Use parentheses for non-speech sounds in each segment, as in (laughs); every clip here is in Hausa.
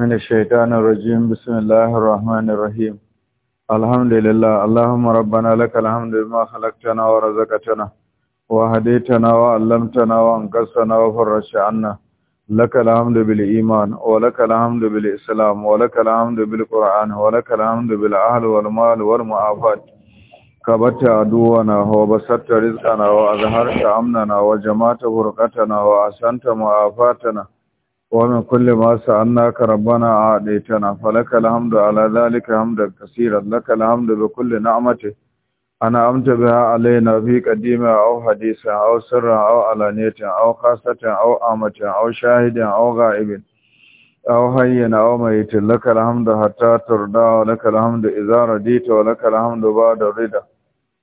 من الشيطان الرجيم بسم الله الرحمن الرحيم الحمد لله اللهم ربنا لك الحمد بما خلقتنا ورزقتنا وهديتنا وعلمتنا وانقذتنا وفرجت عنا لك الحمد بالإيمان ولك الحمد بالإسلام ولك الحمد بالقرآن ولك الحمد بالأهل والمال والمعافات كبت عدونا وبسطت رزقنا وأظهرت أمننا وجمعت فرقتنا وأحسنت معافاتنا ومن كل ما سألناك ربنا أعديتنا فلك الحمد على ذلك حمدا كثيرا لك الحمد بكل نعمته أنا أمت بها علينا في قديمة أو حديثة أو سر أو علانية أو خاصة أو عامة أو شاهد أو غائب أو هين أو ميت لك الحمد حتى ترضى ولك الحمد إذا رديت ولك الحمد بعد الرضا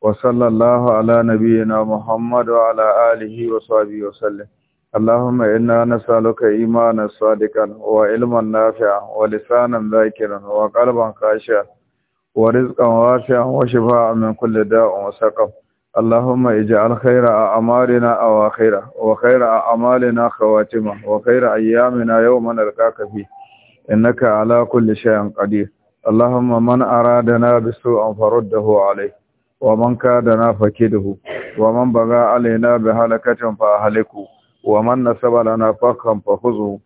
وصلى الله على نبينا محمد وعلى آله وصحبه وسلم اللهم إنا نسألك إيمانا صادقا وعلما نافعا ولسانا ذاكرا وقلبا خاشعا ورزقا واسعا وشفاعا من كل داء وسقم اللهم اجعل خير أعمالنا أواخرة وخير أعمالنا خواتمة وخير أيامنا يوم نلقاك فيه إنك على كل شيء قدير اللهم من أرادنا بسوء فرده عليه ومن كادنا فكده ومن بغى علينا بهلكة فأهلكه ومن نسب لنا فخا فخذه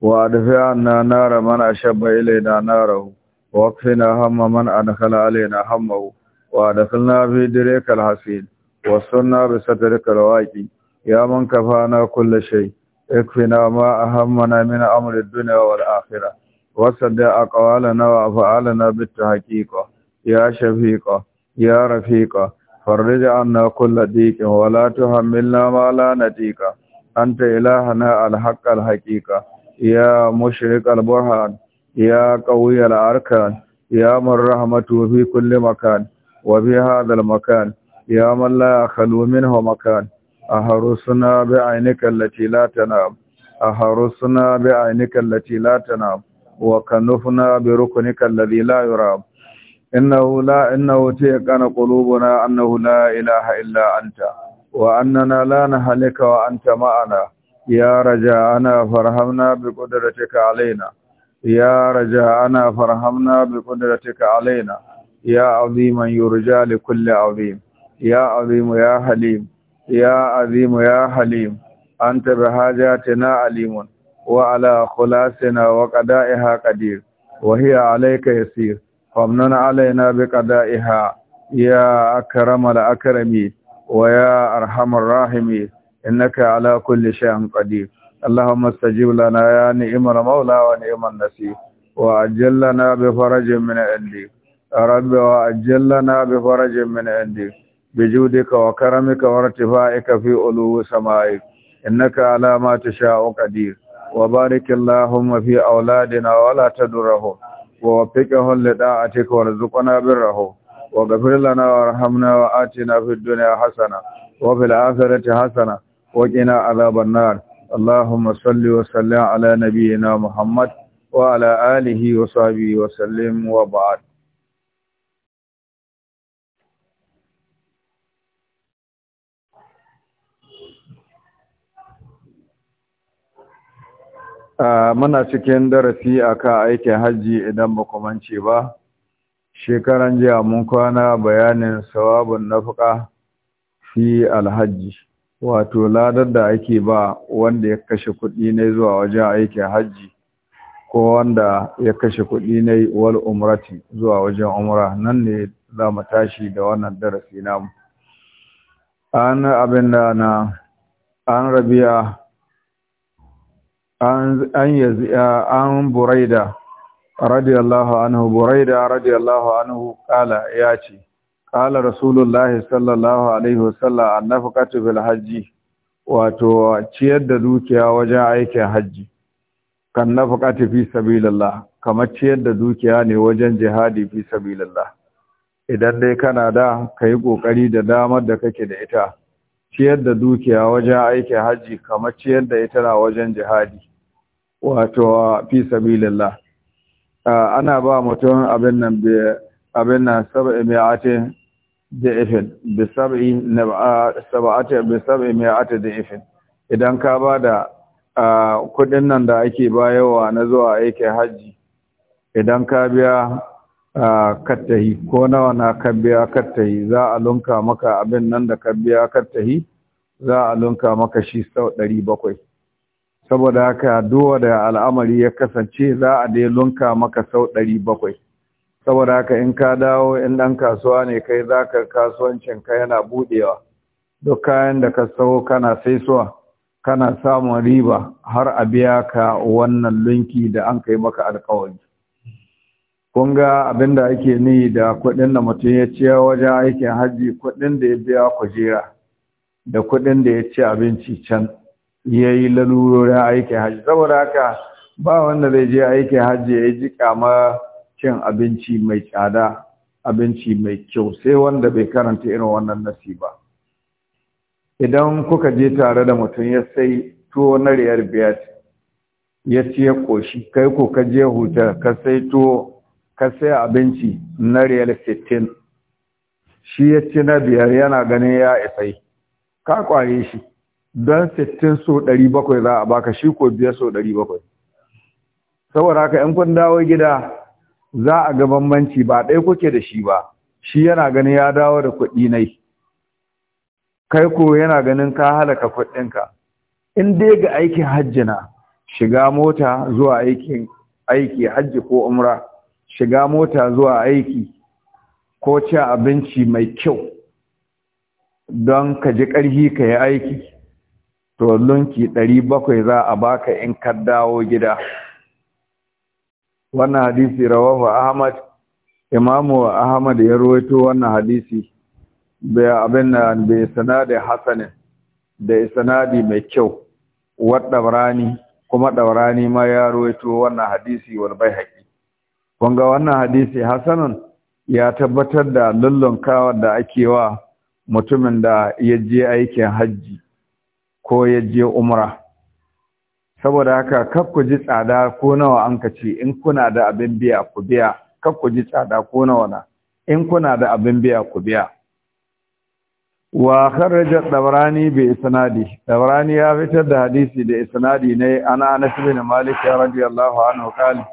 وادفعنا نار من اشب الينا ناره واكفنا هم من ادخل علينا همه وادخلنا في دريك الحسين وصلنا بسترك الواقي يا من كفانا كل شيء اكفنا ما اهمنا من امر الدنيا والاخره وصدق اقوالنا وافعالنا بالتحقيق يا شفيق يا رفيق farrij anna kulla diqin wa la tuhammilna ma la natiqa anta ilahana al-haqq al ya mushrik al ya qawi al ya man rahmatu fi kulli makan wa bi hadha al-makan ya man la khalu minhu makan ahrusna bi aynika allati la tanam ahrusna bi aynika allati la tanam wa kanufna bi ruknika alladhi la yurab إنه لا إنه تيقن قلوبنا أنه لا إله إلا أنت وأننا لا نهلك وأنت معنا يا رجاءنا فرحمنا بقدرتك علينا يا رجاءنا فرحمنا بقدرتك علينا يا عظيما يرجى لكل عظيم يا عظيم يا حليم يا عظيم يا حليم أنت بحاجاتنا عليم وعلى خلاصنا وقدائها قدير وهي عليك يسير فامنن علينا بقضائها يا أكرم الأكرمين ويا أرحم الراحمين إنك على كل شيء قدير اللهم استجب لنا يا نعم المولى ونعم النصير وأجل لنا بفرج من عندك رب وأجل لنا بفرج من عندك بجودك وكرمك وارتفاعك في علو سمائك إنك على ما تشاء قدير وبارك اللهم في أولادنا ولا تدرهم ووفقه لطاعتك وارزقنا بره وغفر لنا وارحمنا وآتنا في الدنيا حسنة وفي الآخرة حسنة وقنا عذاب النار اللهم صل وسلم على نبينا محمد وعلى آله وصحبه وسلم وبعد muna cikin darasi akan aikin hajji idan ba mance ba shekaran jiya mun kwana bayanin sawabin nafaka fi alhaji wato ladar da ake ba wanda ya kashe kuɗi ne zuwa wajen aikin hajji ko wanda ya kashe kuɗi ne wal umrati zuwa wajen umra nan ne za mu tashi da wannan darasi namu an abin da na an rabiya an an buraida radiyallahu anhu buraida radiyallahu anhu kala ya ce kala rasulullahi sallallahu alaihi wasallam annafaqatu bil hajji wato ciyar da dukiya wajen aikin hajji kan nafaqatu fi sabilillah kamar ciyar da dukiya ne wajen jihadi fi sabilillah idan dai kana da kai kokari da damar da kake da ita ciyar da dukiya wajen aikin hajji kamar ciyar da ita na wajen jihadi wato fi sabilillah ana ba mutum abin nan bi abin nan sab'i da ifin bi sab'i sab'ati bi sab'i da ifin idan ka ba da kudin nan da ake bayarwa na zuwa aikin hajji idan ka biya kattahi ko nawa na biya kattahi za a lunka maka abin nan da biya kattahi za a lunka maka shi sau ɗari bakwai saboda haka duwa da al'amari ya kasance za a dai lunka maka sau ɗari bakwai saboda haka in ka dawo in ɗan kasuwa ne kai za ka kasuwancin ka yana buɗewa duk kayan da ka sau kana sai suwa, kana samun riba har a biya ka wannan lunki da an kai maka alkawari kun ga abin da ake ni da kuɗin da mutum ya ce wajen aikin hajji kuɗin da ya biya kujera da kuɗin da ya ci abinci can ya yi lalurorin aikin hajji saboda haka ba wanda zai je aikin hajji ya ji kama cin abinci mai tsada abinci mai kyau sai wanda bai karanta irin wannan nasi ba idan kuka je tare da mutum ya sai tuwo na riyar biyar ya ci ya ƙoshi kai ko ka je huta ka sai tuwo ka saya abinci na real 60 shi ya ci na biyar yana ganin ya isai ka kware shi don 60 so 700 za a baka shi ko biyar so 700 saboda haka 'yan kun dawo gida za a ga bambanci ba ɗaya kuke da shi ba shi yana ganin ya dawo da kuɗi nai kai ko yana ganin ka halaka kuɗinka in dai ga aikin hajjina shiga mota zuwa aikin aiki hajji ko umra shiga mota zuwa aiki ko ci abinci mai kyau don ka ji ƙarfi ka yi aiki to lunki bakwai za a baka in ka dawo gida wannan hadisi rawahu ahmad imamu ahmad ya rawaito wannan hadisi bai abin da bai sanadi hasanin da sanadi mai kyau wadda rani kuma ɗaurani ma ya rawaito wannan hadisi wal baihaqi Kunga wannan hadisi hasanun ya tabbatar da lullunkawa da ake wa mutumin da ya je aikin hajji ko ya je umra saboda haka kar ku ji tsada ko nawa an ka in kuna da abin biya ku biya kar ji tsada ko nawa na in kuna da abin biya ku biya wa kharaja dabrani bi isnadi dabrani ya fitar da hadisi da isnadi ne ana anas bin malik radiyallahu anhu qala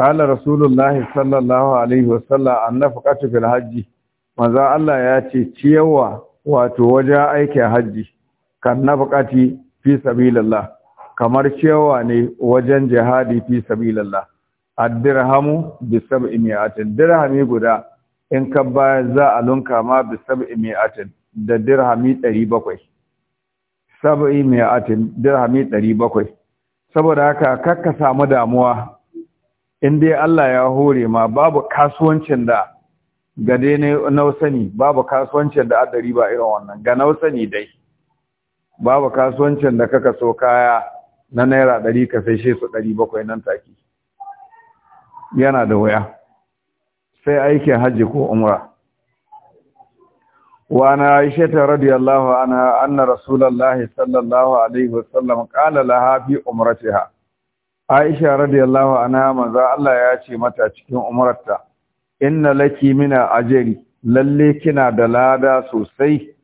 qala rasulullahi sallallahu alaihi wasallam annafaqatu fil hajji manzo Allah ya ce ciyawa wato wajen aikin hajji kan nafaqati fi sabilillah kamar ciyawa ne wajen jihadi fi sabilillah ad-dirhamu bi sab'i mi'atin dirhami guda in ka baya za a lunka ma bi sab'i mi'atin da dirhami 700 sab'i mi'atin dirhami 700 saboda haka kakka samu damuwa in dai Allah ya hore ma babu kasuwancin da gade ne nausani babu kasuwancin da adari riba irin wannan ga nausani dai babu kasuwancin da kaka so kaya na naira ɗari ka sai shi su ɗari bakwai nan take yana da waya sai aikin hajji ko umra wa na رضي ta radiyallahu أن رسول الله sallallahu alaihi wasallam وسلم قال لها في Aisha radiyallahu anha manzo Allah ya ce mata cikin umrarta inna laki mina ajri lalle kina da lada sosai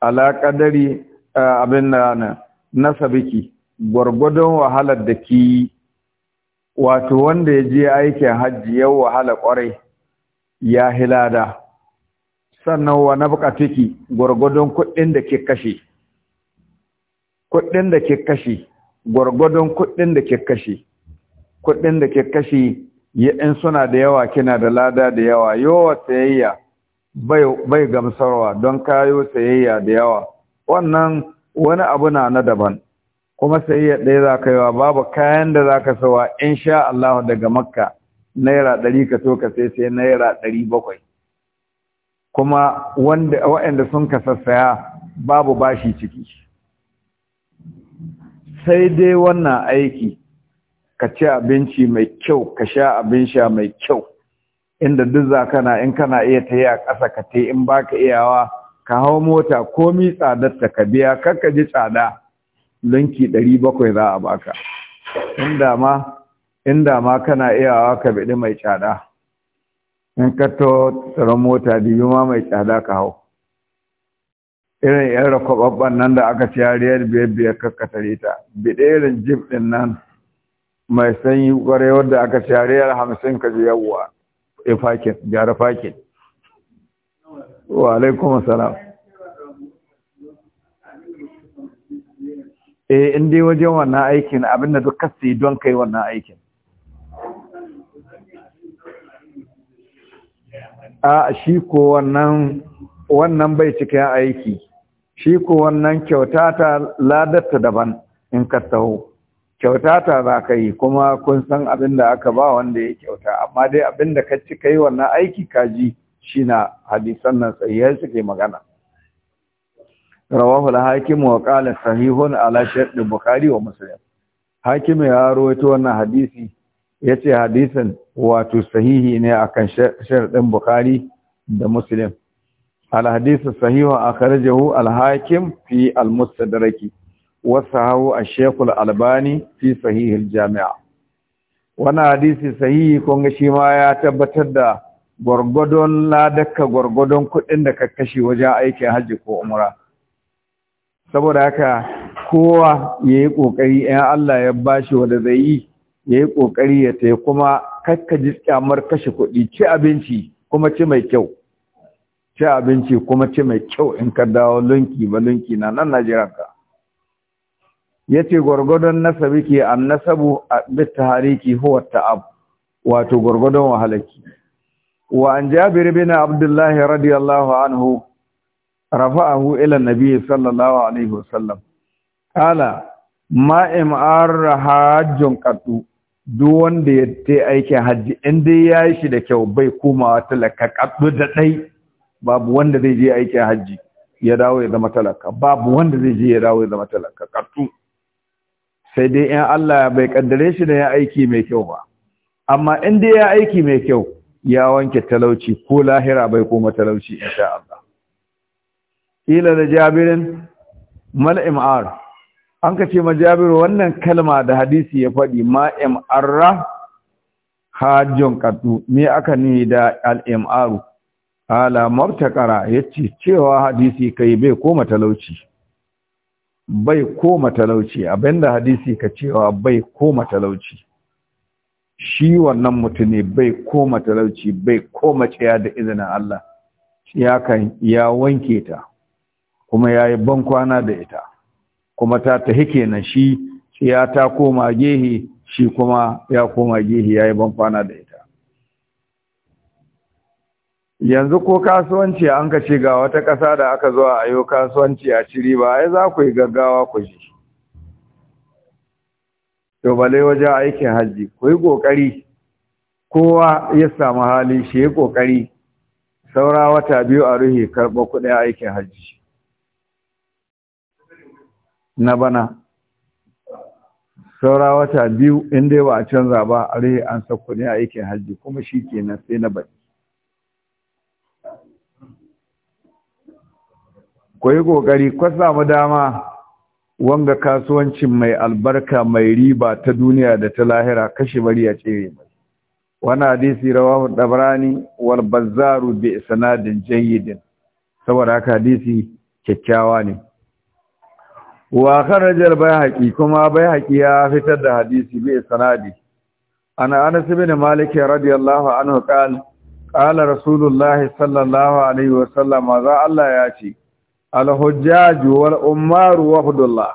ala kadari abin nan nasabiki gwargwadon wahalar da ki wato wanda ya je aikin hajji yau wahala kwarai ya hilada sannan wa nabqa tiki gwargwadon kuɗin da ke kashe kuɗin da ke kashe gwargwadon kuɗin da ke kashe kuɗin da ke kashe in suna da yawa kina da lada da yawa yawa sayayya bai gamsarwa don kayo sayayya da yawa wannan wani abu na na daban kuma sayayya ɗaya za ka yawa babu kayan da za ka sawa in sha Allah daga makka naira ɗari ka so ka sai sai naira ɗari bakwai kuma wanda waɗanda sun ka sassaya babu bashi ciki sai dai wannan aiki ka ci abinci mai kyau ka sha abin sha mai kyau inda duk za kana in kana iya ta yi a ƙasa ka ta in ba ka iyawa ka hau mota komi tsadar ta ka biya kar ka ji tsada linki ɗari bakwai za a baka inda ma inda ma kana iyawa ka biɗi mai tsada in ka to tsaron mota biyu ma mai tsada ka hau irin yara rakwababban nan da aka ci yariyar biyar biyar kakkatare ta biɗe irin jib ɗin nan mai sanyi ƙwarai wadda aka ci yar hamsin ka ji yawwa a eh, fakin gyara fakin wa alaikum salam eh in dai wajen wannan aikin abin da duk kasi don kai wannan aikin a shi ko wannan wannan bai cikin aiki shi ko wannan kyauta ta ladarta daban in ka taho kyauta ta za ka yi kuma kun san abin da aka ba wanda ya kyauta amma dai abin da ka ci ka yi wannan aiki ka ji shi na hadisan nan tsayyar suke magana rawahul hakim wa qala sahihun ala shart bukhari wa muslim hakim ya rawaito wannan hadisi yace hadisin wato sahihi ne akan shartin bukhari da muslim الحديث الصحيح أخرجه الحاكم في المستدرك وصحه الشيخ الألباني في صحيح الجامع وانا حديث صحيح كونغ شيما يا تبتدى gwargwadon ladakka gwargwadon kuɗin da ka kashe wajen aikin hajji ko umra saboda haka kowa ya yi ƙoƙari ‘yan Allah ya bashi wanda zai yi ya yi ƙoƙari ya tai kuma kakka ji kyamar kashe kuɗi ci abinci kuma ci mai kyau ci abinci kuma ci mai kyau in ka dawo lunki ba lunki na nan najiranka ya ce gwargwadon nasabi ke an nasabu a bitta hariki huwa ta'ab wato gwargwadon wahalaki wa an jabir bin abdullahi radiyallahu anhu rafa'ahu ila nabi sallallahu alaihi wasallam kala ma imar rahajun qatu duk wanda ya ta aikin hajji inda yayi ya yi shi da kyau bai komawa talaka kaddu da dai babu wanda zai je aikin hajji ya dawo ya zama talaka babu wanda zai je ya dawo ya zama talaka kartu sai dai in Allah ya bai kaddare shi da ya aiki mai kyau ba amma in dai ya aiki mai kyau ya wanke talauci ko lahira bai koma talauci insha Allah ila da jabirin mal'imar an ka ce ma jabiru wannan kalma da hadisi ya faɗi ma'im'arra hajjon kaddu me aka ni da al im'aru ala martakara yace cewa hadisi kai bai koma talauci bai koma talauci abinda hadisi ka cewa bai koma talauci shi wannan mutune bai koma talauci bai koma tsaya da izinin Allah ya kan ya wanke ta kuma yayi bankwana da ita kuma ta tahi kenan shi ya ta koma gehe shi kuma ya koma gehe yayi bankwana da ita yanzu ko kasuwanci an ka ce ga wata ƙasa da aka zo a yi kasuwanci a ciri ba ai za ku yi gaggawa ku ji to bale wajen aikin hajji ku yi ƙoƙari kowa ya samu hali shi ya ƙoƙari saura wata biyu a ruhi karɓar kuɗin aikin hajji na bana saura wata biyu inda ba a canza ba a ruhi an sa kuɗin aikin hajji kuma shi kenan sai na baki ku yi ƙoƙari ku samu dama wanga kasuwancin mai albarka mai riba ta duniya da ta lahira kashe bari ya tsere mai wani hadisi rawahu dabrani wal bazzaru bi sanadin jayyidin saboda haka hadisi kyakkyawa ne wa kharaja al kuma bayhaqi ya fitar da hadisi bi sanadi ana anas ibn malik radiyallahu anhu qala qala rasulullahi sallallahu alaihi wasallam za Allah ya ce alhujjaju hujjaj wal ummar wafdullah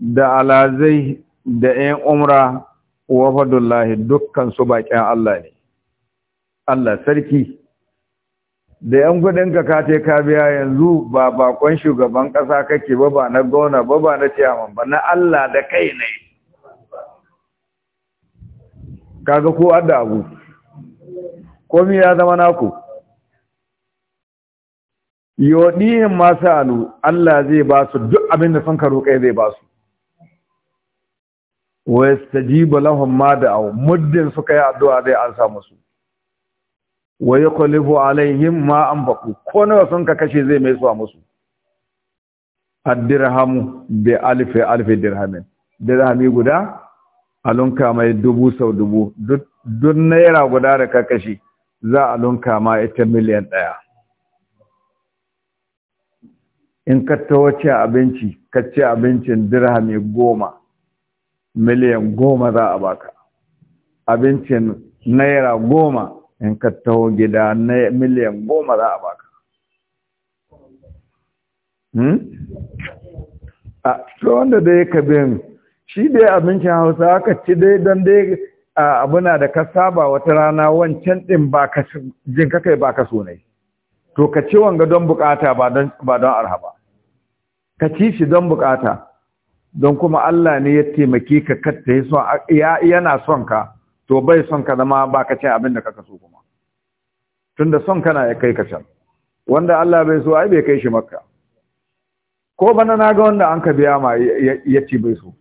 da alazai da ƴan umra wafdullah dukkan su bakin Allah ne Allah sarki da yan gudun ka kace ka biya yanzu ba bakon shugaban kasa kake ba ba na gona ba ba na ciyaman ba na Allah da kai ne kaga ko adda abu komi ya zama naku yodihin masu alu Allah zai ba su duk abin da sun roƙe zai ba su ji yastajibu lahum ma awu muddin suka yi addu'a zai ansa Wai wa kwalifu alaihim ma anfaqu ko nawa sun ka kashe zai mai suwa musu ad da bi alfi dirhamin dirhami guda alunka mai dubu sau dubu duk naira guda da ka kashe za a lunka ma ita miliyan ɗaya in ka taho cin abinci ka ci abincin dirhami goma miliyan goma za a baka abincin naira goma in ka taho gida miliyan goma za a baka hmm? a to wanda dai ka bin shi dai abincin hausa aka ci dai don dai abuna da ka saba wata rana wancan ɗin ba ka jin kakai ba ka so ne to ka ci wanga don bukata ba don arha ba ka ci shi don bukata don kuma Allah ne ya taimake ka katta yana son ka to bai son ka zama ba ka ce abin da kaka so kuma tunda son kana ya kai ka can wanda Allah bai so ai bai kai shi makka ko bana na ga wanda an ka biya ma ya ci bai so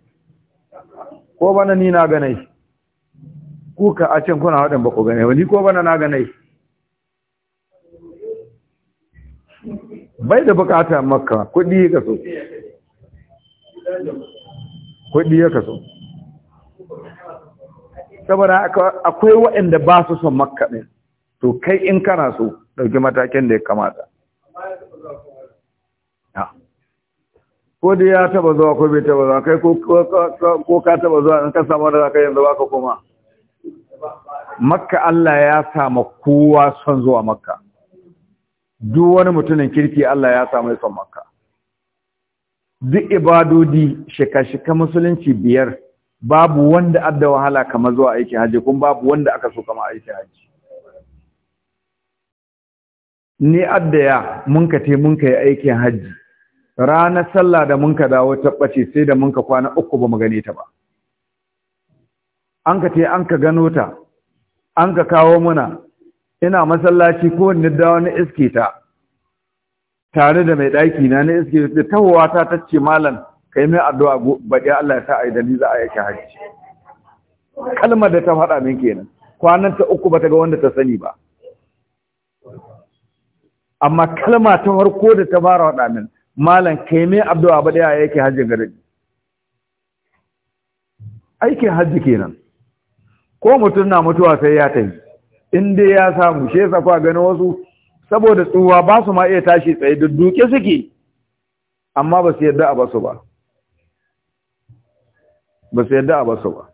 ko bana ni na ganai kuka a can kuna waɗanda ba ku ganai wani ko bana na ganai bai da bukata makka kudi ya kaso kudi ya kaso saboda akwai waɗanda ba su son makka ɗin to kai in kana so ɗauki matakin da ya kamata ko da ya taba zuwa ko bai taba zuwa kai ko ka taba zuwa in ka samu da zaka yanzu baka koma makka Allah ya sa kowa son zuwa makka duk wani mutumin kirki Allah ya samu son maka duk ibadodi shika-shika musulunci biyar babu wanda adda wahala kamar zuwa aiki haji kuma babu wanda aka so kama aiki haji ni adda ya mun te mun ka yi aikin haji ranar sallah da mun ka dawo tabbace sai da mun kwana uku ba mu gane ta ba an ka te an ka gano ta an ka kawo muna ina masallaci ko wanne dawo na iske ta tare da mai ɗaki na na iske ta tahowa ta tace malam kai mai addu'a baɗi Allah ya sa ai dalili za a yake hajji kalmar da ta faɗa min kenan kwanan ta uku bata ga wanda ta sani ba amma kalma ta farko da ta fara faɗa min malam kai mai addu'a baɗi a yake hajji garadi aikin hajji kenan ko mutum na mutuwa sai ya tafi in dai ya samu shi yasa kwa gani wasu saboda tsuwa ba su ma iya tashi tsaye duke suke amma ba su yadda a basu ba ba su yadda a basu ba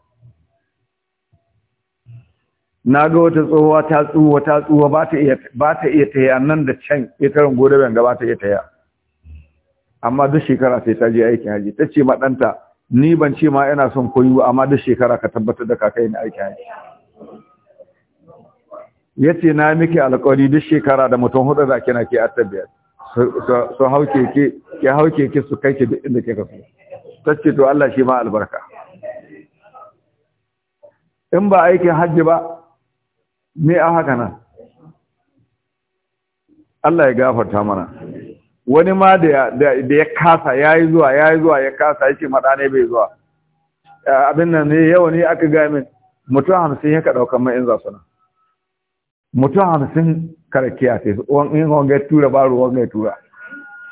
na ga wata tsohuwa ta tsuwa ta tsuwa ba ta iya ba ta iya taya nan da can itarin gobe ban ga ba ta iya taya amma duk shekara sai ta je aikin haji ta ce ma danta, ni ban ce ma ina son koyo amma duk shekara ka tabbatar da ka kai ni aikin haji yace na miki alƙawari duk shekara da mutum hudu da kina ke attabiya su hauke ki ki hauke ki su kai ki duk inda kika so tace to Allah shi ma albarka in ba aikin hajji ba me a haka nan Allah ya gafarta mana wani ma da ya kasa ya yi zuwa ya zuwa ya kasa yake mada ne bai zuwa abin nan ne yau ne aka min mutum hamsin ya ka ɗaukan mai in za su nan mutum hamsin karakiya sai su yin wanga tura ba ruwan ya tura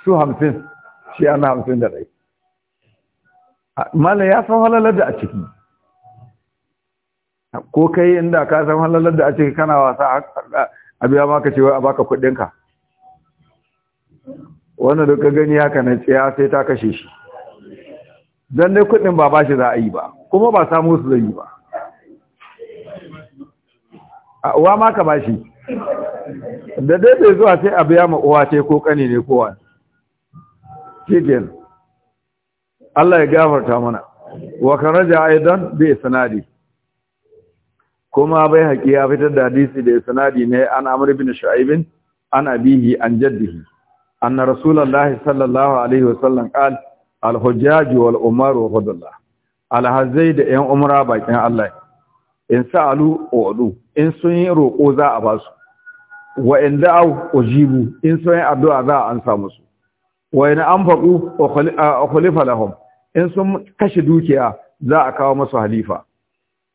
su hamsin shi ana hamsin da ɗai mana ya san halalar da a ciki ko kai inda ka san halalar da a ciki kana wasa a biya maka cewa a baka kuɗinka wanda duka gani haka na tsaya sai ta kashe shi don dai kuɗin ba ba shi za a yi ba kuma ba samu su zai yi ba a uwa ma ka bashi da dai bai zuwa sai a biya ma uwa ce ko kani ne kowa cikin Allah ya gafarta mana wa karaja aidan bi sanadi kuma bai haƙi ya fitar da hadisi da sanadi ne an amr ibn shu'aib an abihi an jaddihi anna rasulullahi sallallahu alaihi wasallam qala al-hujjaj wal umar wa fadlullah al hazaid da yan umra bakin Allah in sa'alu wa in sun yi roƙo za a ba su wa in da'aw ujibu in sun yi addu'a za a ansa musu wa in anfaqu ukhlifa lahum in sun kashe dukiya za a kawo musu halifa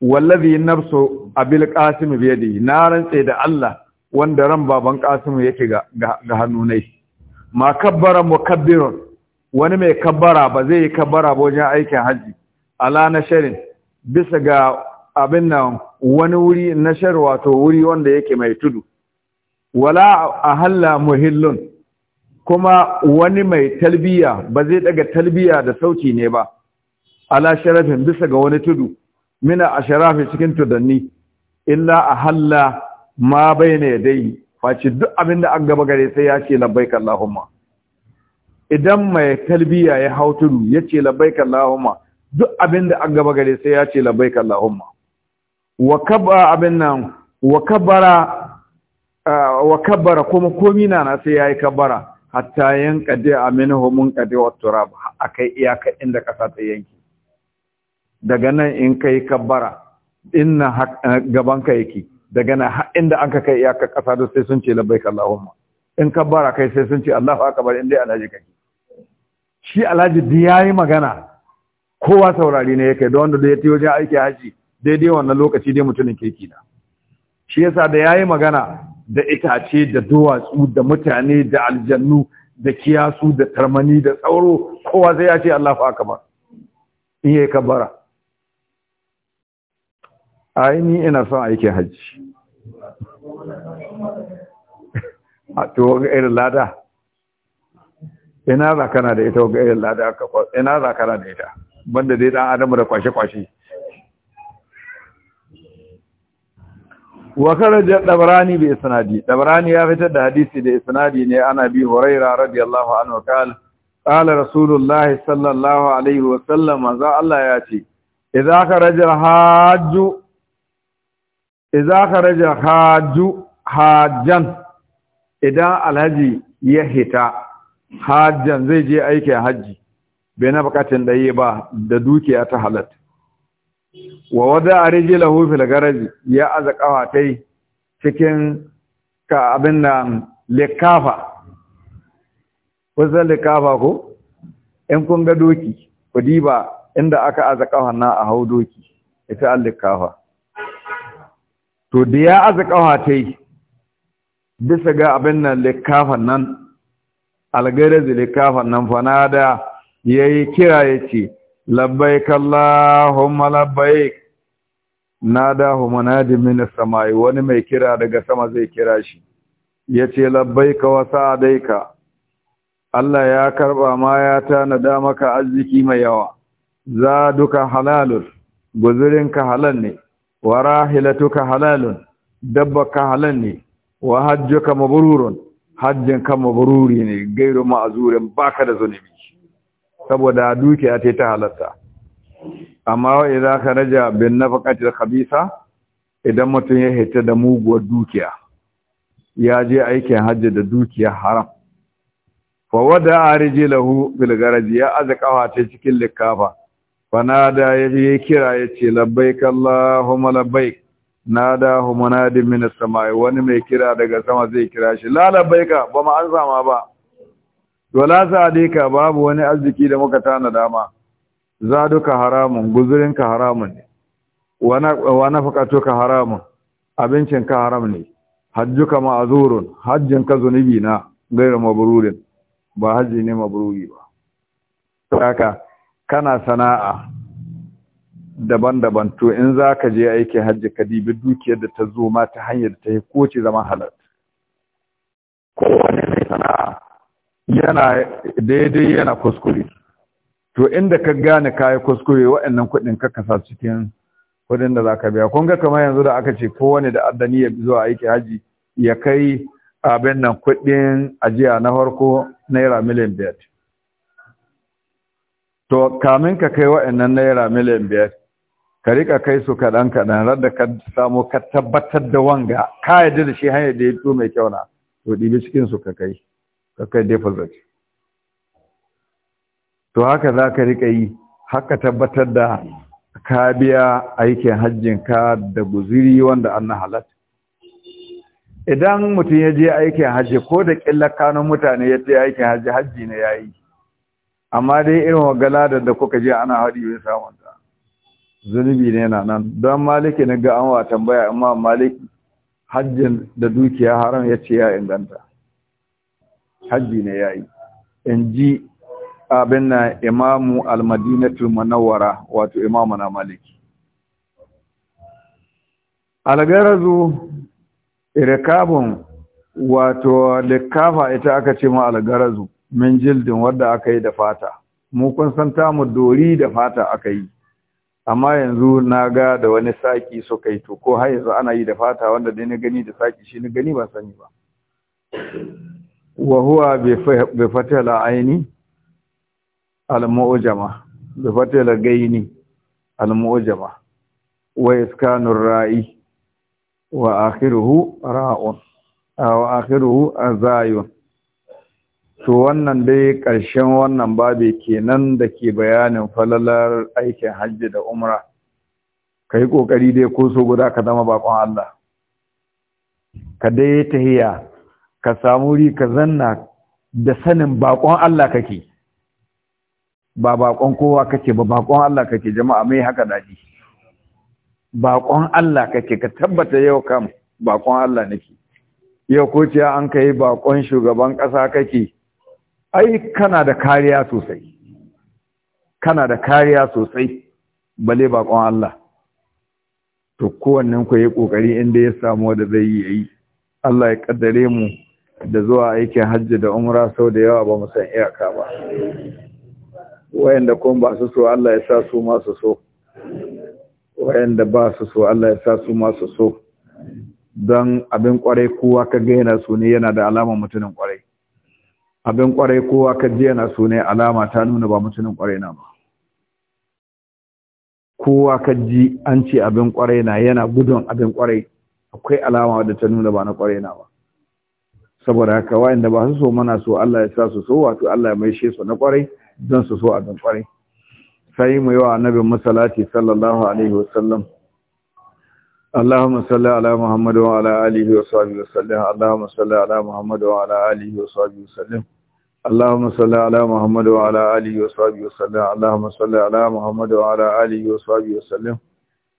wallazi nafsu abil qasim bi yi. na rantse da Allah wanda ran baban qasim yake ga ga hannunai ma kabbara mukabbirun wani mai kabbara ba zai yi kabbara ba wajen aikin haji ala na shirin bisa ga abin nan wani wuri na shar wato wuri wanda yake mai tudu wala ahalla muhillun kuma wani mai talbiya ba zai daga talbiya da sauti ne ba ala sharafin bisa ga wani tudu mina a sharafi cikin tudanni illa a halla ma bai ne dai faci duk abin da an gaba gare sai ya ce labbaik allahumma idan mai talbiya ya hau tudu ya ce labbaik allahumma duk abin da an gaba gare sai ya ce labbaik allahumma wa kabara kuma komi na na sai yi kabara hatta yanka da aminhu mun kade wa turab akai iyaka inda kasa ta yanki daga nan in kai kabara inna gaban ka yake daga nan inda an ka kai iyaka kasa da sai sun ce labbaik allahumma in kabara kai sai sun ce allahu akbar inda alhaji kake shi alhaji da yayi magana kowa saurari ne yake don wanda da ya tiyo jin aiki haji daidai wannan lokaci dai mutumin ke kina? shi yasa da yayi magana da itace da duwatsu da mutane da aljannu da kiyasu da tarmani da tsauro kowa zai ya ce Allah fa akbar in yayi kabbara ai ni ina son aikin hajji (laughs) a to ga irin lada ina za kana da ita ga irin lada ina za kana da ita banda dai dan Adamu da kwashe kwashe wa kharaja dabrani bi isnadi dabrani ya fitar da hadisi da isnadi ne ana bi huraira radiyallahu anhu qala qala rasulullahi sallallahu alaihi wa sallam manzo Allah ya ce idza kharaja hajju idza kharaja hajju hajjan idan alhaji ya hita hajjan zai je aikin haji bai na bukatun da yi ba da dukiya ta halatta wa wada a rijilahu fil garaji ya aza kawatai cikin ka abin nan likafa Kusa lekafa ko in kun ga doki ku diba inda aka aza kawan na a hau doki ita an lekafa to da ya aza kawatai bisa ga abin nan likafan nan algarazi likafan nan da ya yi kira ya ce. labbaik Allahumma labbaik nadahu munadin min as-samai wani mai kira daga sama zai kira shi yace labbaika wa sa'adaika Allah ya karba ma ya tanada maka arziki mai yawa zaduka halalun guzurinka halal ne wa halalun dabbaka halal ne wa hajjuka mabrurun hajjinka mabruri ne gairu ma'zurin baka da zunubi saboda dukiya ta ta halatta amma wa ka raja bin nafaqati khabisa idan mutum ya hita da muguwar dukiya ya je aikin hajji da dukiya haram fa wada arjilahu bil garaji ya azqawa ta cikin likafa fanada ya kira ya ce labbaik allahumma labbaik nada hu munadi min as-samai wani mai kira daga sama zai kira shi la labbaika ba ma an sama ba wala sa'adika babu wani arziki da muka tana dama zaduka haramun guzurinka haramun ne wa ka haramun abincinka haram ne hajjuka ma'zurun hajjinka zunubi na gairu mabrurin ba haji ne mabruri ba saka kana sana'a daban-daban to in za ka je aiki hajji ka dibi dukiyar da ta zo ma ta hanyar ta ko ce zama halal mai sana'a yana daidai yana kuskure to inda ka gane kayi kuskure waɗannan kuɗin ka kasa cikin kuɗin da zaka biya kun ga kamar yanzu da aka ce kowane da addani ya zuwa aiki haji ya kai abin nan kuɗin ajiya na farko naira miliyan biyar to kamin ka kai waɗannan naira miliyan biyar ka rika kai su kaɗan kaɗan radda ka samu ka tabbatar da wanga ka yadda da shi hanyar da ya fito mai kyau na to ɗibi cikin su ka kai ka kai zaki. to haka za ka riƙa yi haka tabbatar da ka biya aikin hajjinka da guziri wanda an halatta idan mutum ya je aikin hajji ko da ƙillar kanun mutane ya je aikin hajji hajji ne ya yi amma dai irin wagaladar da kuka je ana hari bai samun ta zunubi ne na nan don maliki na ga an wa tambaya amma maliki hajjin da dukiya haram ya ce ya inganta hajji ne yayi in ji abin na imamu almadinatul manawara wato imamu na maliki algarazu irkabun wato likafa ita aka ce ma algarazu min jildin wadda aka yi da fata mu kun san tamu dori da fata aka yi amma yanzu na ga da wani saki suka yi to ko har yanzu ana yi da fata wanda dai na gani da saki shi na gani ba sani ba وهو huwa bi المؤجمة aini al المؤجمة bi fatala gaini al أو آخره أزاي to wannan dai ƙarshen wannan babe kenan da ke bayanin falalar aikin hajji da umra ka yi ƙoƙari dai ko so guda ka zama bakon Allah ka dai ka samu ri ka zanna da sanin bakon Allah kake ba bakon kowa kake ba bakon Allah kake jama'a mai haka daɗi bakon Allah kake ka tabbata yau kam bakon Allah nake yau ko ce an kai bakon shugaban ƙasa kake ai kana da kariya sosai kana da kariya sosai bale bakon Allah to kowannen ku yi kokari inda ya samu da zai yi Allah ya kaddare mu da zuwa aikin hajji da umra sau da yawa ba mu san iyaka ba wayanda kuma ba su so Allah ya sa su masu so wayanda ba su so Allah ya sa su masu so don abin kwarai kowa ka ga yana su ne yana da alama mutumin kwarai abin kwarai kowa ka ji yana su ne alama ta nuna ba mutumin kwarai na ba kowa ka ji an ce abin kwarai na yana gudun abin kwarai akwai alama da ta nuna ba na kwarai na ba saboda haka wa'anda ba su so mana so Allah ya sa su so wato Allah ya maishe su na kwarai don su so a don kwarai sai mu yi wa annabin masalati sallallahu alaihi wasallam اللهم صل على محمد وعلى اله وصحبه وسلم اللهم صل على محمد وعلى اله ala وسلم اللهم صل على محمد وعلى اله وصحبه وسلم اللهم صل على محمد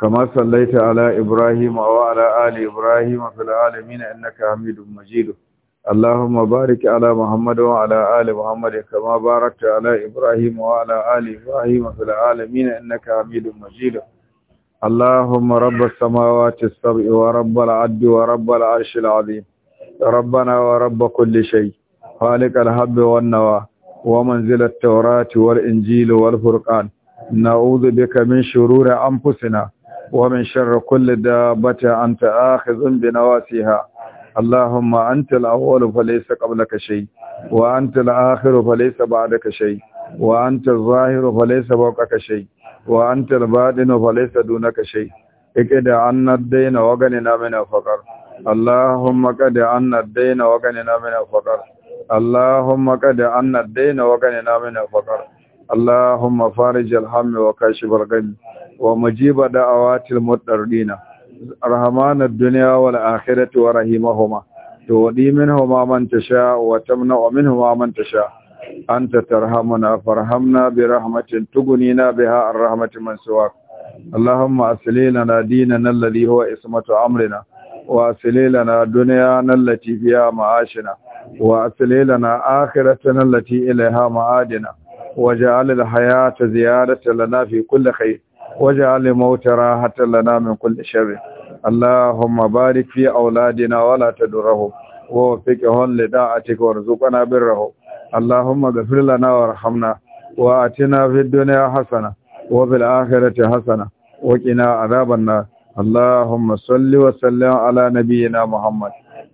كما صليت على إبراهيم وعلى آل إبراهيم في العالمين إنك حميد مجيد اللهم بارك على محمد وعلى آل محمد كما باركت على إبراهيم وعلى آل إبراهيم في العالمين إنك حميد مجيد اللهم رب السماوات السبع ورب العد ورب العرش العظيم ربنا ورب كل شيء خالق الحب والنوى ومنزل التوراة والإنجيل والفرقان نعوذ بك من شرور أنفسنا ومن شر كل دابة أنت آخذ بنواسيها اللهم أنت الأول فليس قبلك شيء وأنت الآخر فليس بعدك شيء وأنت الظاهر فليس بوقك شيء وأنت البادن فليس دونك شيء اكد عنا الدين وغننا من الفقر اللهم قد عنا الدين وغننا من الفقر اللهم قد عنا الدين وغننا من الفقر اللهم فارج الهم وكاشف الغم wa mujiba da'awatil mudarrina rahmanar duniya wal akhirati wa rahimahuma to minhuma man tasha wa tamna'u minhuma man tasha anta tarhamuna farhamna bi rahmatin tughnina biha ar rahmatin man siwak allahumma asli lana dinana alladhi huwa ismatu amrina wa asli lana dunyana allati fiha ma'ashina wa asli lana akhiratana allati ilayha ma'adina waj'al al hayata ziyadatan lana fi kulli khair واجعل الموت راحة لنا من كل شر اللهم بارك في أولادنا ولا تدرهم ووفقهم لداعتك وارزقنا برهم اللهم اغفر لنا وارحمنا وآتنا في الدنيا حسنة وفي الآخرة حسنة وقنا عذاب النار اللهم صل وسلم على نبينا محمد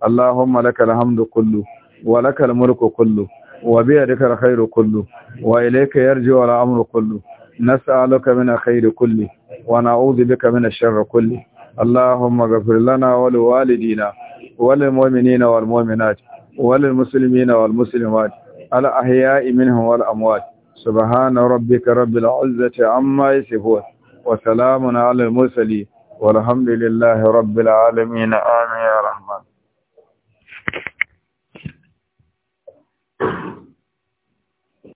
اللهم لك الحمد كله ولك الملك كله وبيدك الخير كله وإليك يرجع الأمر كله نسألك من الخير كله ونعوذ بك من الشر كله اللهم اغفر لنا ولوالدينا وللمؤمنين والمؤمنات وللمسلمين والمسلمات الأحياء منهم والأموات سبحان ربك رب العزة عما يصفون وسلام على المرسلين والحمد لله رب العالمين آمين يا رحمن